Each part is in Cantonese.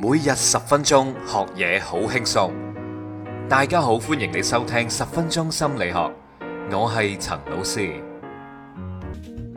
每日十分鐘學嘢好輕鬆，大家好，歡迎你收聽十分鐘心理學，我係陳老師。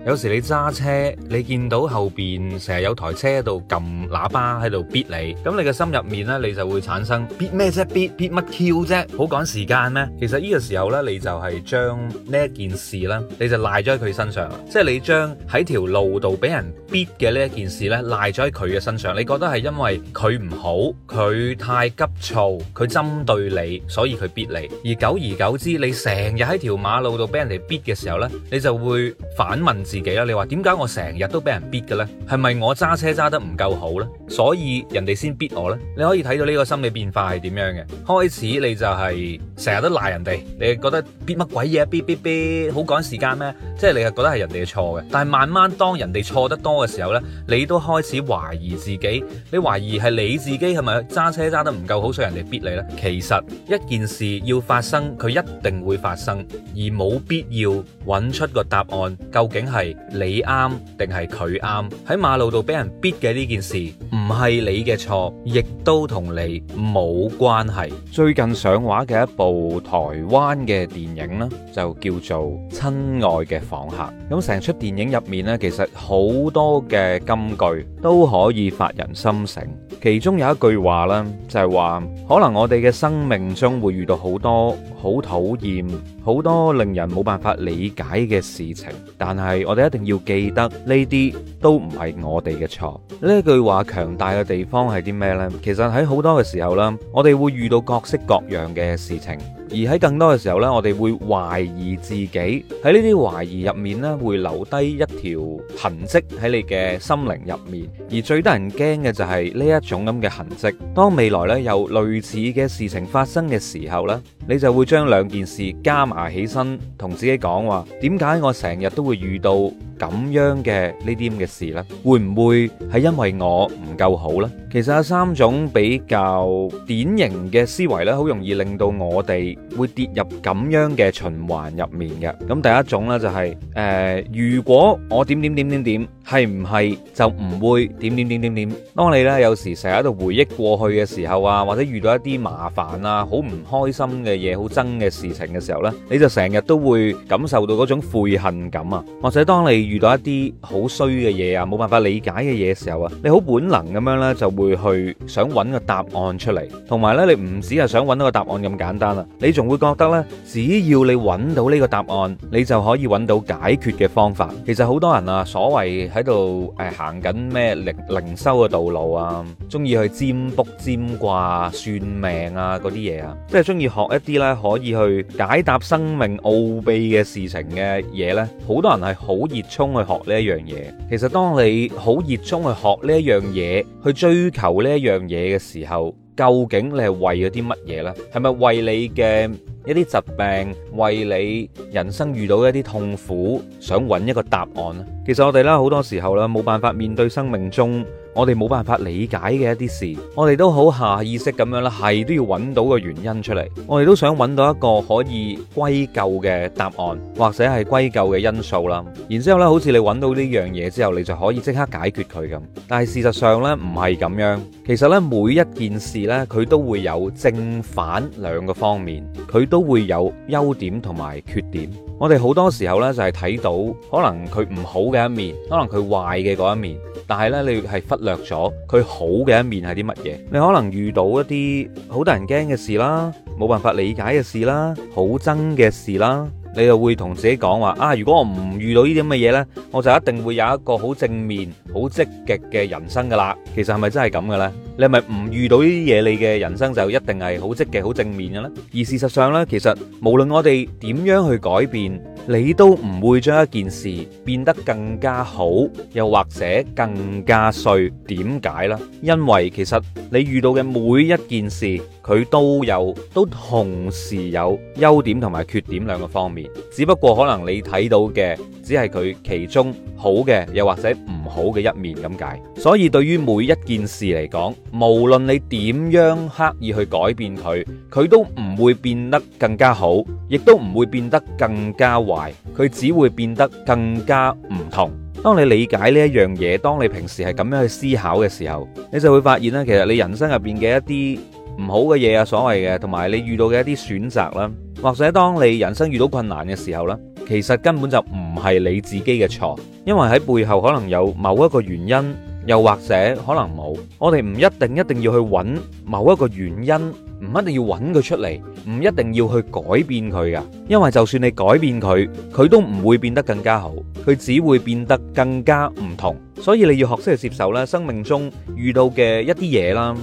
有時你揸車，你見到後邊成日有台車喺度撳喇叭喺度逼你，咁你嘅心入面咧，你就會產生逼咩啫？逼逼乜 Q 啫？好趕時間咩？其實呢個時候咧，你就係將呢一件事咧，你就賴咗喺佢身上，即係你將喺條路度俾人逼嘅呢一件事咧，賴咗喺佢嘅身上。你覺得係因為佢唔好，佢太急躁，佢針對你，所以佢逼你。而久而久之，你成日喺條馬路度俾人哋逼嘅時候咧，你就會反問自己啦，你話點解我成日都俾人逼嘅呢？係咪我揸車揸得唔夠好呢？所以人哋先逼我呢。你可以睇到呢個心理變化係點樣嘅？開始你就係成日都賴人哋，你覺得逼乜鬼嘢？逼逼逼，好趕時間咩？即係你係覺得係人哋嘅錯嘅。但係慢慢當人哋錯得多嘅時候呢，你都開始懷疑自己，你懷疑係你自己係咪揸車揸得唔夠好，所以人哋逼你呢？其實一件事要發生，佢一定會發生，而冇必要揾出個答案究竟係。係你啱定係佢啱？喺馬路度俾人逼嘅呢件事，唔係你嘅錯，亦都同你冇關係。最近上畫嘅一部台灣嘅電影啦，就叫做《親愛嘅房客》。咁成出電影入面咧，其實好多嘅金句都可以發人心省。其中有一句話咧，就係話，可能我哋嘅生命中會遇到好多好討厭。好多令人冇辦法理解嘅事情，但係我哋一定要記得，呢啲都唔係我哋嘅錯。呢句話強大嘅地方係啲咩呢？其實喺好多嘅時候啦，我哋會遇到各式各樣嘅事情，而喺更多嘅時候呢，我哋會懷疑自己。喺呢啲懷疑入面呢，會留低一條痕跡喺你嘅心靈入面，而最得人驚嘅就係呢一種咁嘅痕跡。當未來呢，有類似嘅事情發生嘅時候呢。你就會將兩件事加埋起身，同自己講話：點解我成日都會遇到？咁樣嘅呢啲咁嘅事呢，會唔會係因為我唔夠好呢？其實有三種比較典型嘅思維呢，好容易令到我哋會跌入咁樣嘅循環入面嘅。咁第一種呢就係，誒，如果我點點點點點，係唔係就唔會點點點點點？當你呢有時成日喺度回憶過去嘅時候啊，或者遇到一啲麻煩啊，好唔開心嘅嘢，好憎嘅事情嘅時候呢，你就成日都會感受到嗰種悔恨感啊，或者當你，遇到一啲好衰嘅嘢啊，冇辦法理解嘅嘢時候啊，你好本能咁樣咧，就會去想揾個答案出嚟，同埋咧，你唔止係想揾到個答案咁簡單啦，你仲會覺得咧，只要你揾到呢個答案，你就可以揾到解決嘅方法。其實好多人啊，所謂喺度誒行緊咩靈靈修嘅道路啊，中意去占卜、占卦、算命啊嗰啲嘢啊，即係中意學一啲咧可以去解答生命奧秘嘅事情嘅嘢咧，好多人係好熱。衝去學呢一樣嘢，其實當你好熱衷去學呢一樣嘢，去追求呢一樣嘢嘅時候，究竟你係為咗啲乜嘢呢？係咪為你嘅一啲疾病，為你人生遇到一啲痛苦，想揾一個答案咧？其實我哋咧好多時候啦，冇辦法面對生命中。我哋冇辦法理解嘅一啲事，我哋都好下意識咁樣啦，係都要揾到個原因出嚟。我哋都想揾到一個可以歸咎嘅答案，或者係歸咎嘅因素啦。然之後呢，好似你揾到呢樣嘢之後，你就可以即刻解決佢咁。但係事實上呢，唔係咁樣。其實呢，每一件事呢，佢都會有正反兩個方面，佢都會有優點同埋缺點。我哋好多時候呢，就係睇到可能佢唔好嘅一面，可能佢壞嘅嗰一面，但係呢，你係忽略咗佢好嘅一面係啲乜嘢？你可能遇到一啲好得人驚嘅事啦，冇辦法理解嘅事啦，好憎嘅事啦，你就會同自己講話啊！如果我唔遇到呢啲咁嘅嘢呢，我就一定會有一個好正面、好積極嘅人生噶啦。其實係咪真係咁嘅呢？你係咪唔遇到呢啲嘢，你嘅人生就一定係好積極、好正面嘅咧？而事實上咧，其實無論我哋點樣去改變，你都唔會將一件事變得更加好，又或者更加衰。點解咧？因為其實你遇到嘅每一件事，佢都有都同時有優點同埋缺點兩個方面。只不過可能你睇到嘅只係佢其中好嘅，又或者唔好嘅一面咁解。所以對於每一件事嚟講，無論你點樣刻意去改變佢，佢都唔會變得更加好，亦都唔會變得更加壞，佢只會變得更加唔同。當你理解呢一樣嘢，當你平時係咁樣去思考嘅時候，你就會發現咧，其實你人生入邊嘅一啲唔好嘅嘢啊，所謂嘅，同埋你遇到嘅一啲選擇啦，或者當你人生遇到困難嘅時候咧，其實根本就唔係你自己嘅錯，因為喺背後可能有某一個原因。又或者可能冇，我哋唔一定一定要去揾某一個原因，唔一定要揾佢出嚟，唔一定要去改變佢噶，因為就算你改變佢，佢都唔會變得更加好，佢只會變得更加唔同，所以你要學識去接受啦，生命中遇到嘅一啲嘢啦，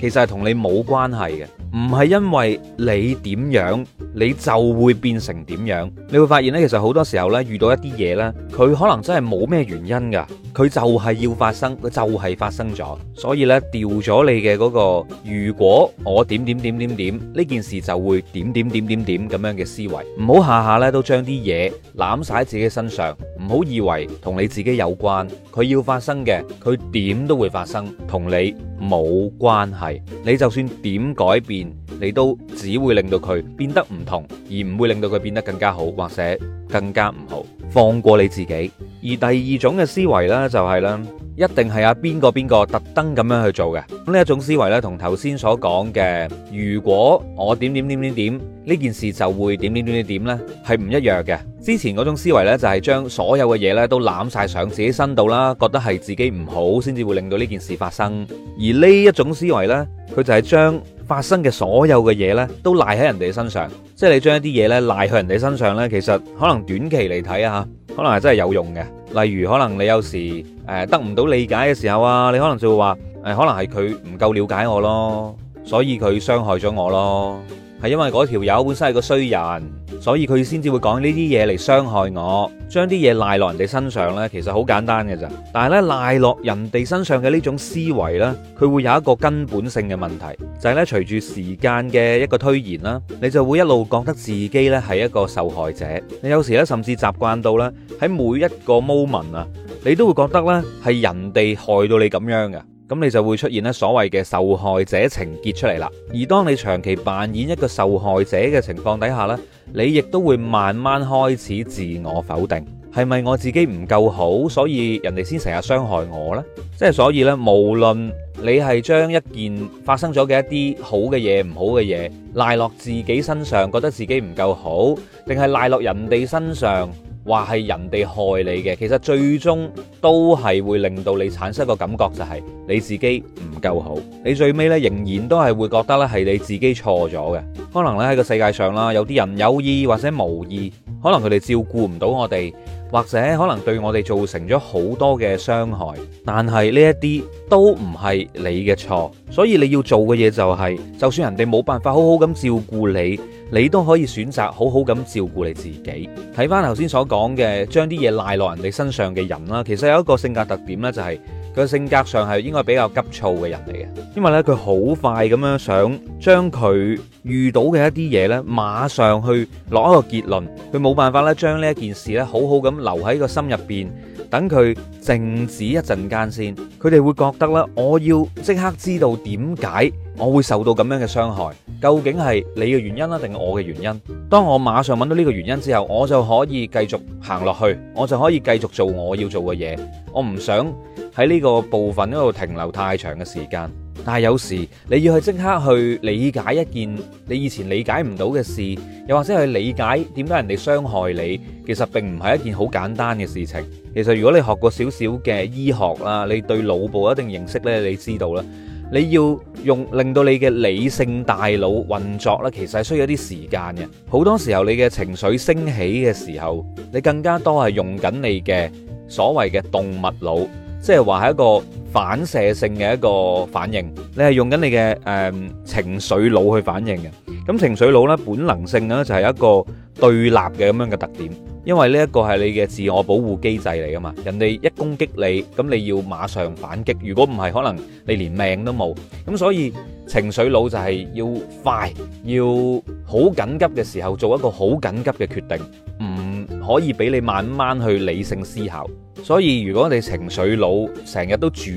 其實係同你冇關係嘅。唔係因為你點樣，你就會變成點樣。你會發現咧，其實好多時候咧，遇到一啲嘢咧，佢可能真係冇咩原因噶，佢就係要發生，佢就係發生咗。所以咧，掉咗你嘅嗰個如果我點點點點點呢件事就會點點點點點咁樣嘅思維，唔好下下咧都將啲嘢攬晒自己身上，唔好以為同你自己有關。佢要發生嘅，佢點都會發生，同你冇關係。你就算點改變。你都只會令到佢變得唔同，而唔會令到佢變得更加好，或者更加唔好。放過你自己。而第二種嘅思維呢，就係咧。一定係阿邊個邊個特登咁樣去做嘅。咁呢一種思維呢，同頭先所講嘅，如果我點點點點點呢件事就會點點點點點呢，係唔一樣嘅。之前嗰種思維呢，就係將所有嘅嘢呢都攬晒上自己身度啦，覺得係自己唔好先至會令到呢件事發生。而呢一種思維呢，佢就係將發生嘅所有嘅嘢呢都賴喺人哋身上。即係你將一啲嘢呢賴喺人哋身上呢，其實可能短期嚟睇啊，可能係真係有用嘅。例如，可能你有時誒得唔到理解嘅時候啊，你可能就會話誒，可能係佢唔夠了解我咯，所以佢傷害咗我咯。係因為嗰條友本身係個衰人，所以佢先至會講呢啲嘢嚟傷害我，將啲嘢賴落人哋身上呢，其實好簡單嘅咋。但係咧賴落人哋身上嘅呢種思維呢，佢會有一個根本性嘅問題，就係咧隨住時間嘅一個推延啦，你就會一路覺得自己呢係一個受害者。你有時呢，甚至習慣到呢喺每一個 moment 啊，你都會覺得呢係人哋害到你咁樣嘅。咁你就會出現呢所謂嘅受害者情結出嚟啦。而當你長期扮演一個受害者嘅情況底下呢，你亦都會慢慢開始自我否定，「係咪我自己唔夠好，所以人哋先成日傷害我呢？」即係所以呢，無論你係將一件發生咗嘅一啲好嘅嘢、唔好嘅嘢賴落自己身上，覺得自己唔夠好，定係賴落人哋身上，話係人哋害你嘅，其實最終都係會令到你產生個感覺就係你自己唔夠好，你最尾呢，仍然都係會覺得呢係你自己錯咗嘅。可能咧，喺個世界上啦，有啲人有意或者無意，可能佢哋照顧唔到我哋，或者可能對我哋造成咗好多嘅傷害。但係呢一啲都唔係你嘅錯，所以你要做嘅嘢就係，就算人哋冇辦法好好咁照顧你。你都可以選擇好好咁照顧你自己。睇翻頭先所講嘅，將啲嘢賴落人哋身上嘅人啦，其實有一個性格特點呢，就係，就係佢個性格上係應該比較急躁嘅人嚟嘅，因為呢，佢好快咁樣想將佢遇到嘅一啲嘢呢，馬上去攞一個結論，佢冇辦法咧，將呢一件事呢好好咁留喺個心入邊，等佢靜止一陣間先。佢哋會覺得呢，我要即刻知道點解。我會受到咁樣嘅傷害，究竟係你嘅原因啦，定係我嘅原因？當我馬上揾到呢個原因之後，我就可以繼續行落去，我就可以繼續做我要做嘅嘢。我唔想喺呢個部分嗰度停留太長嘅時間。但係有時你要去即刻去理解一件你以前理解唔到嘅事，又或者去理解點解人哋傷害你，其實並唔係一件好簡單嘅事情。其實如果你學過少少嘅醫學啦，你對腦部一定認識呢，你知道啦。你要用令到你嘅理性大腦運作呢，其實係需要一啲時間嘅。好多時候你嘅情緒升起嘅時候，你更加多係用緊你嘅所謂嘅動物腦，即係話係一個反射性嘅一個反應。你係用緊你嘅誒、呃、情緒腦去反應嘅。咁、嗯、情緒腦呢，本能性呢，就係一個對立嘅咁樣嘅特點。因為呢一個係你嘅自我保護機制嚟㗎嘛，人哋一攻擊你，咁你要馬上反擊。如果唔係，可能你連命都冇。咁所以情緒腦就係要快，要好緊急嘅時候做一個好緊急嘅決定，唔可以俾你慢慢去理性思考。所以如果你情緒腦成日都主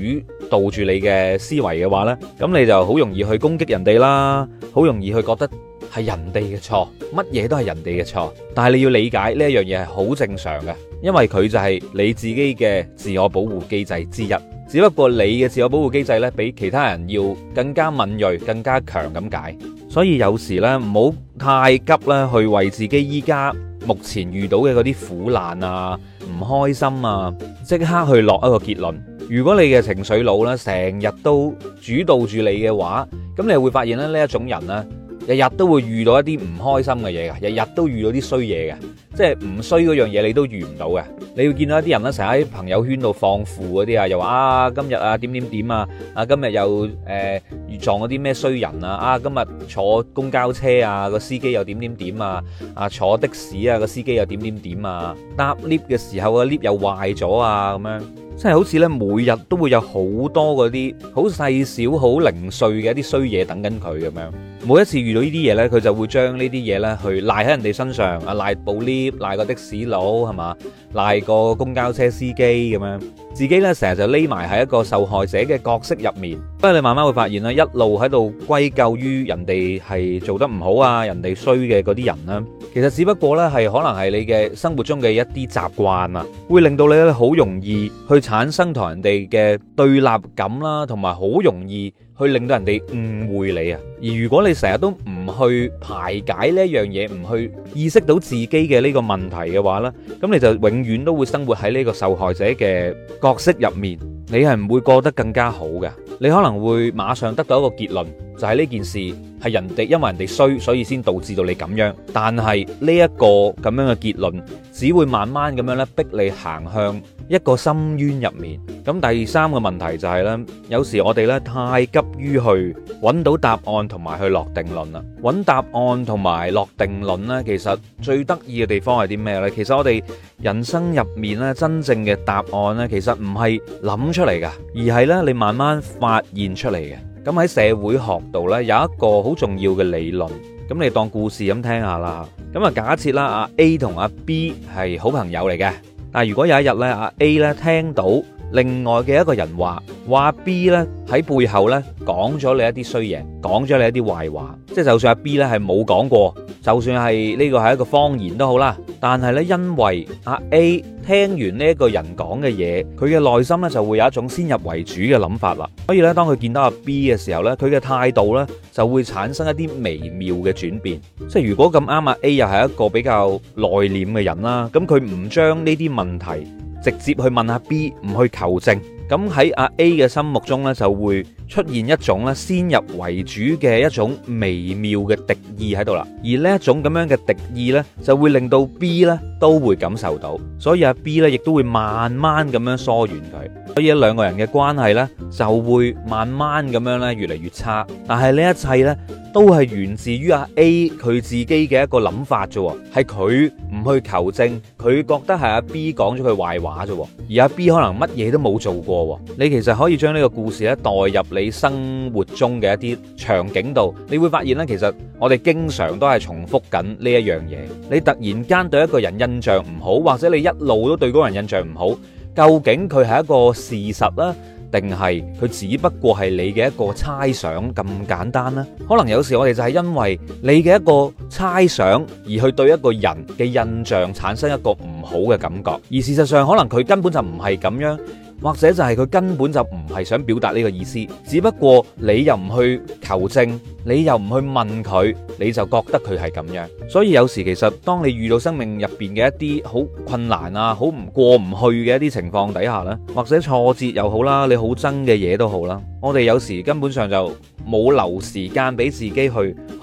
導住你嘅思維嘅話呢，咁你就好容易去攻擊人哋啦，好容易去覺得。係人哋嘅錯，乜嘢都係人哋嘅錯。但係你要理解呢一樣嘢係好正常嘅，因為佢就係你自己嘅自我保護機制之一。只不過你嘅自我保護機制呢，比其他人要更加敏銳、更加強咁解。所以有時呢，唔好太急啦，去為自己依家目前遇到嘅嗰啲苦難啊、唔開心啊，即刻去落一個結論。如果你嘅情緒腦呢，成日都主導住你嘅話，咁你係會發現咧呢一種人呢。日日都會遇到一啲唔開心嘅嘢嘅，日日都遇到啲衰嘢嘅。即係唔衰嗰樣嘢，你都遇唔到嘅。你要見到一啲人咧，成日喺朋友圈度放負嗰啲啊，又話啊今日啊點點點啊，啊今日又誒、呃、撞咗啲咩衰人啊，啊今日坐公交車啊個司機又點點點啊，啊坐的士啊個司機又點點點啊，搭 lift 嘅時候啊 lift 又壞咗啊咁樣，真係好似呢，每日都會有好多嗰啲好細小好零碎嘅一啲衰嘢等緊佢咁樣。每一次遇到呢啲嘢呢，佢就會將呢啲嘢呢去賴喺人哋身上，啊賴部 lift。賴個的士佬係咪，賴個公交車司機咁樣，自己呢成日就匿埋喺一個受害者嘅角色入面，不過你慢慢會發現啦，一路喺度歸咎於人哋係做得唔好啊，人哋衰嘅嗰啲人啦，其實只不過呢係可能係你嘅生活中嘅一啲習慣啊，會令到你咧好容易去產生同人哋嘅對立感啦，同埋好容易。去令到人哋誤會你啊！而如果你成日都唔去排解呢樣嘢，唔去意識到自己嘅呢個問題嘅話呢，咁你就永遠都會生活喺呢個受害者嘅角色入面，你係唔會過得更加好嘅。你可能會馬上得到一個結論，就係呢件事。係人哋，因為人哋衰，所以先導致到你咁樣。但係呢一個咁樣嘅結論，只會慢慢咁樣咧逼你行向一個深淵入面。咁第三個問題就係咧，有時我哋咧太急於去揾到答案同埋去落定論啦。揾答案同埋落定論呢，其實最得意嘅地方係啲咩呢？其實我哋人生入面咧，真正嘅答案呢，其實唔係諗出嚟㗎，而係呢你慢慢發現出嚟嘅。咁喺社會學度呢，有一個好重要嘅理論，咁你當故事咁聽下啦。咁啊假設啦，啊 A 同阿 B 係好朋友嚟嘅，但係如果有一日呢，阿 A 呢聽到。另外嘅一個人話話 B 呢喺背後呢講咗你一啲衰嘢，講咗你一啲壞話，即係就算阿 B 呢係冇講過，就算係呢個係一個謊言都好啦。但係呢，因為阿 A 聽完呢一個人講嘅嘢，佢嘅內心呢就會有一種先入為主嘅諗法啦。所以呢，當佢見到阿 B 嘅時候呢，佢嘅態度呢就會產生一啲微妙嘅轉變。即係如果咁啱，阿 A 又係一個比較內斂嘅人啦，咁佢唔將呢啲問題，直接去問下 B，唔去求證，咁喺阿 A 嘅心目中呢，就會出現一種咧先入為主嘅一種微妙嘅敵意喺度啦，而呢一種咁樣嘅敵意咧，就會令到 B 咧都會感受到，所以阿 B 咧亦都會慢慢咁樣疏遠佢，所以兩個人嘅關係咧就會慢慢咁樣咧越嚟越差。但係呢一切咧都係源自於阿 A 佢自己嘅一個諗法啫，係佢唔去求證，佢覺得係阿 B 講咗佢壞話啫，而阿 B 可能乜嘢都冇做過，你其實可以將呢個故事咧代入你生活中嘅一啲場景度，你會發現咧，其實我哋經常都係重複緊呢一樣嘢。你突然間對一個人印象唔好，或者你一路都對嗰個人印象唔好，究竟佢係一個事實咧，定係佢只不過係你嘅一個猜想咁簡單咧？可能有時我哋就係因為你嘅一個猜想，而去對一個人嘅印象產生一個唔好嘅感覺，而事實上可能佢根本就唔係咁樣。或者就係佢根本就唔係想表達呢個意思，只不過你又唔去求證，你又唔去問佢，你就覺得佢係咁樣。所以有時其實當你遇到生命入邊嘅一啲好困難啊，好唔過唔去嘅一啲情況底下呢，或者挫折又好啦，你好憎嘅嘢都好啦，我哋有時根本上就冇留時間俾自己去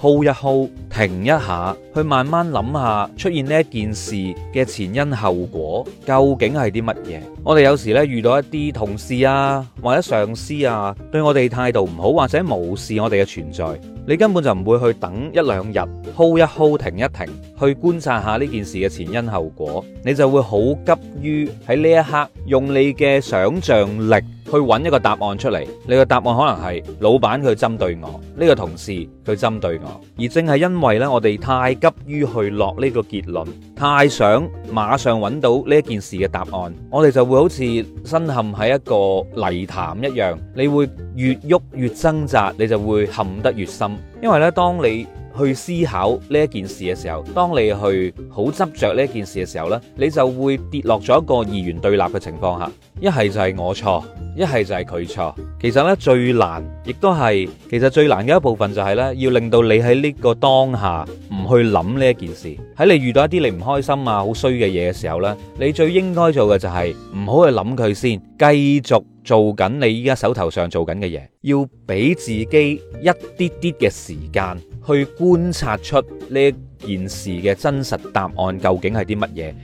hold 一 hold。停一下，去慢慢諗下出現呢一件事嘅前因後果，究竟係啲乜嘢？我哋有時咧遇到一啲同事啊或者上司啊對我哋態度唔好，或者無視我哋嘅存在，你根本就唔會去等一兩日，hold 一 hold 停一停去觀察下呢件事嘅前因後果，你就會好急於喺呢一刻用你嘅想像力。去揾一個答案出嚟，你個答案可能係老闆佢針對我，呢個同事佢針對我，而正係因為呢，我哋太急於去落呢個結論，太想馬上揾到呢件事嘅答案，我哋就會好似身陷喺一個泥潭一樣，你會越喐越掙扎，你就會陷得越深，因為呢，當你去思考呢一件事嘅時候，當你去好執着呢一件事嘅時候咧，你就會跌落咗一個二元對立嘅情況下。一係就係我錯，一係就係佢錯。其實咧，最難亦都係其實最難嘅一部分就係咧，要令到你喺呢個當下唔去諗呢一件事。喺你遇到一啲你唔開心啊、好衰嘅嘢嘅時候咧，你最應該做嘅就係唔好去諗佢先，繼續做緊你依家手頭上做緊嘅嘢，要俾自己一啲啲嘅時間。去觀察出呢件事嘅真實答案究竟係啲乜嘢，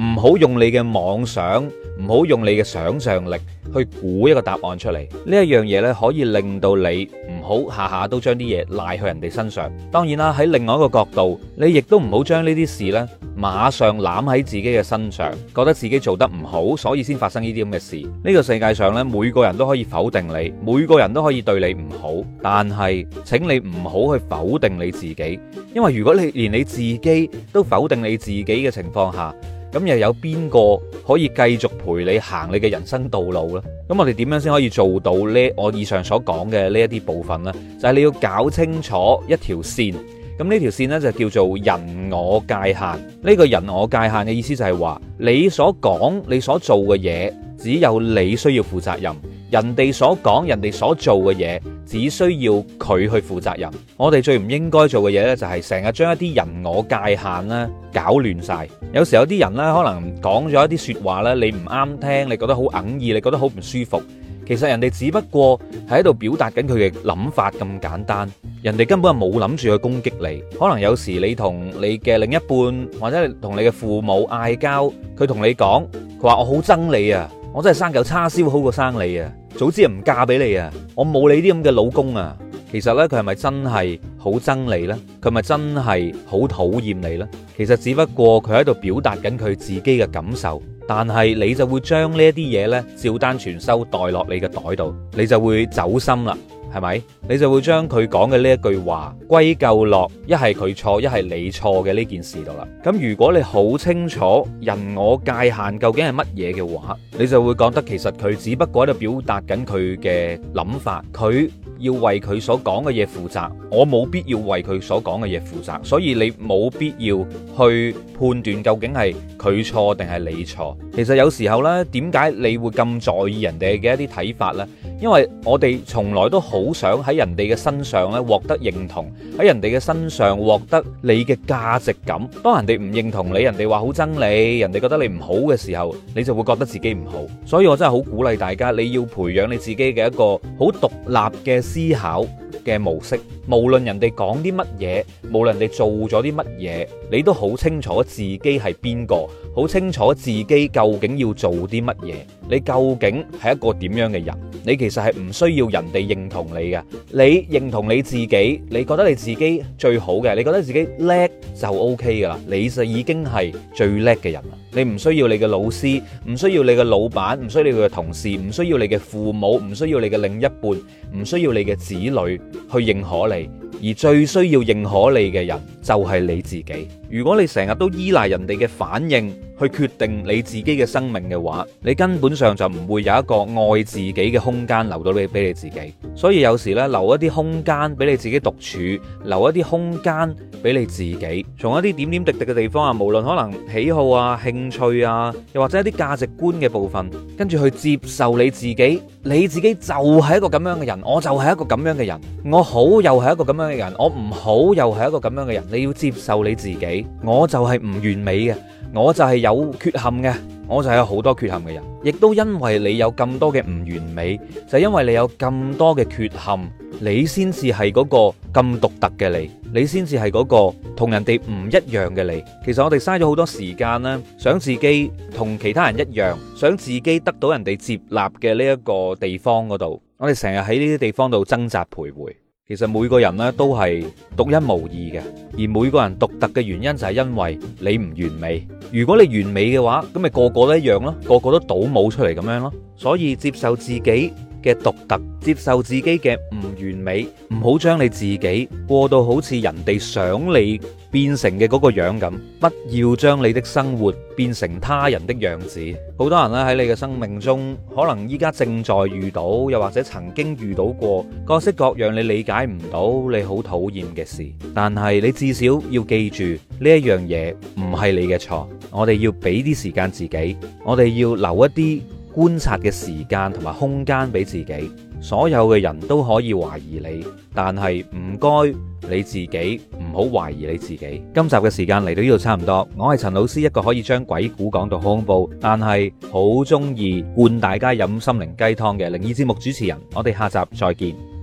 唔好用你嘅妄想。唔好用你嘅想像力去估一個答案出嚟，呢一樣嘢呢，可以令到你唔好下下都將啲嘢賴去人哋身上。當然啦，喺另外一個角度，你亦都唔好將呢啲事呢，馬上攬喺自己嘅身上，覺得自己做得唔好，所以先發生呢啲咁嘅事。呢個世界上呢，每個人都可以否定你，每個人都可以對你唔好，但係請你唔好去否定你自己，因為如果你連你自己都否定你自己嘅情況下，咁又有邊個可以繼續陪你行你嘅人生道路呢？咁我哋點樣先可以做到呢？我以上所講嘅呢一啲部分呢，就係、是、你要搞清楚一條線。咁呢條線呢，就叫做人我界限。呢、這個人我界限嘅意思就係話，你所講、你所做嘅嘢。只有你需要負責任，人哋所講、人哋所做嘅嘢，只需要佢去負責任。我哋最唔應該做嘅嘢咧，就係成日將一啲人我界限咧搞亂曬。有時有啲人咧，可能講咗一啲説話咧，你唔啱聽，你覺得好哽耳，你覺得好唔舒服。其實人哋只不過係喺度表達緊佢嘅諗法咁簡單，人哋根本係冇諗住去攻擊你。可能有時你同你嘅另一半或者同你嘅父母嗌交，佢同你講，佢話我好憎你啊！我真係生嚿叉燒好過生你啊！早知唔嫁俾你啊！我冇你啲咁嘅老公啊！其實呢，佢係咪真係好憎你呢？佢咪真係好討厭你呢？其實只不過佢喺度表達緊佢自己嘅感受，但係你就會將呢啲嘢呢照單全收，帶落你嘅袋度，你就會走心啦。係咪？你就會將佢講嘅呢一句話歸咎落一係佢錯，一係你錯嘅呢件事度啦。咁如果你好清楚人我界限究竟係乜嘢嘅話，你就會覺得其實佢只不過喺度表達緊佢嘅諗法，佢要為佢所講嘅嘢負責，我冇必要為佢所講嘅嘢負責，所以你冇必要去判斷究竟係佢錯定係你錯。其實有時候呢，點解你會咁在意人哋嘅一啲睇法呢？因為我哋從來都好想喺人哋嘅身上咧獲得認同，喺人哋嘅身上獲得你嘅價值感。當人哋唔認同你，人哋話好憎你，人哋覺得你唔好嘅時候，你就會覺得自己唔好。所以我真係好鼓勵大家，你要培養你自己嘅一個好獨立嘅思考嘅模式。無論人哋講啲乜嘢，無論人哋做咗啲乜嘢，你都好清楚自己係邊個，好清楚自己究竟要做啲乜嘢，你究竟係一個點樣嘅人。你其實係唔需要人哋認同你嘅，你認同你自己，你覺得你自己最好嘅，你覺得自己叻就 OK 噶啦，你就已經係最叻嘅人啦。你唔需要你嘅老師，唔需要你嘅老闆，唔需要你嘅同事，唔需要你嘅父母，唔需要你嘅另一半，唔需要你嘅子女去認可你。而最需要認可你嘅人就係你自己。如果你成日都依賴人哋嘅反應去決定你自己嘅生命嘅話，你根本上就唔會有一個愛自己嘅空間留到你俾你自己。所以有時咧，留一啲空間俾你自己獨處，留一啲空間俾你自己，從一啲點點滴滴嘅地方啊，無論可能喜好啊、興趣啊，又或者一啲價值觀嘅部分，跟住去接受你自己，你自己就係一個咁樣嘅人，我就係一個咁樣嘅人，我好又係一個咁樣嘅人，我唔好又係一個咁樣嘅人，你要接受你自己，我就係唔完美嘅，我就係有缺陷嘅，我就係有好多缺陷嘅人，亦都因為你有咁多嘅唔完美，就因為你有咁多嘅缺陷，你先至係嗰個咁獨特嘅你，你先至係嗰個同人哋唔一樣嘅你。其實我哋嘥咗好多時間啦，想自己同其他人一樣，想自己得到人哋接納嘅呢一個地方嗰度，我哋成日喺呢啲地方度掙扎徘徊。其實每個人咧都係獨一無二嘅，而每個人獨特嘅原因就係因為你唔完美。如果你完美嘅話，咁咪個個都一樣咯，個個都倒模出嚟，咁樣咯。所以接受自己嘅獨特，接受自己嘅唔完美，唔好將你自己過到好似人哋想你變成嘅嗰個樣咁，不要將你的生活變成他人的樣子。好多人咧喺你嘅生命中，可能依家正在遇到，又或者曾經遇到過各式各樣你理解唔到、你好討厭嘅事。但係你至少要記住呢一樣嘢，唔係你嘅錯。我哋要俾啲時間自己，我哋要留一啲。觀察嘅時間同埋空間俾自己，所有嘅人都可以懷疑你，但係唔該你自己，唔好懷疑你自己。今集嘅時間嚟到呢度差唔多，我係陳老師，一個可以將鬼故講到好恐怖，但係好中意灌大家飲心靈雞湯嘅靈異節目主持人，我哋下集再見。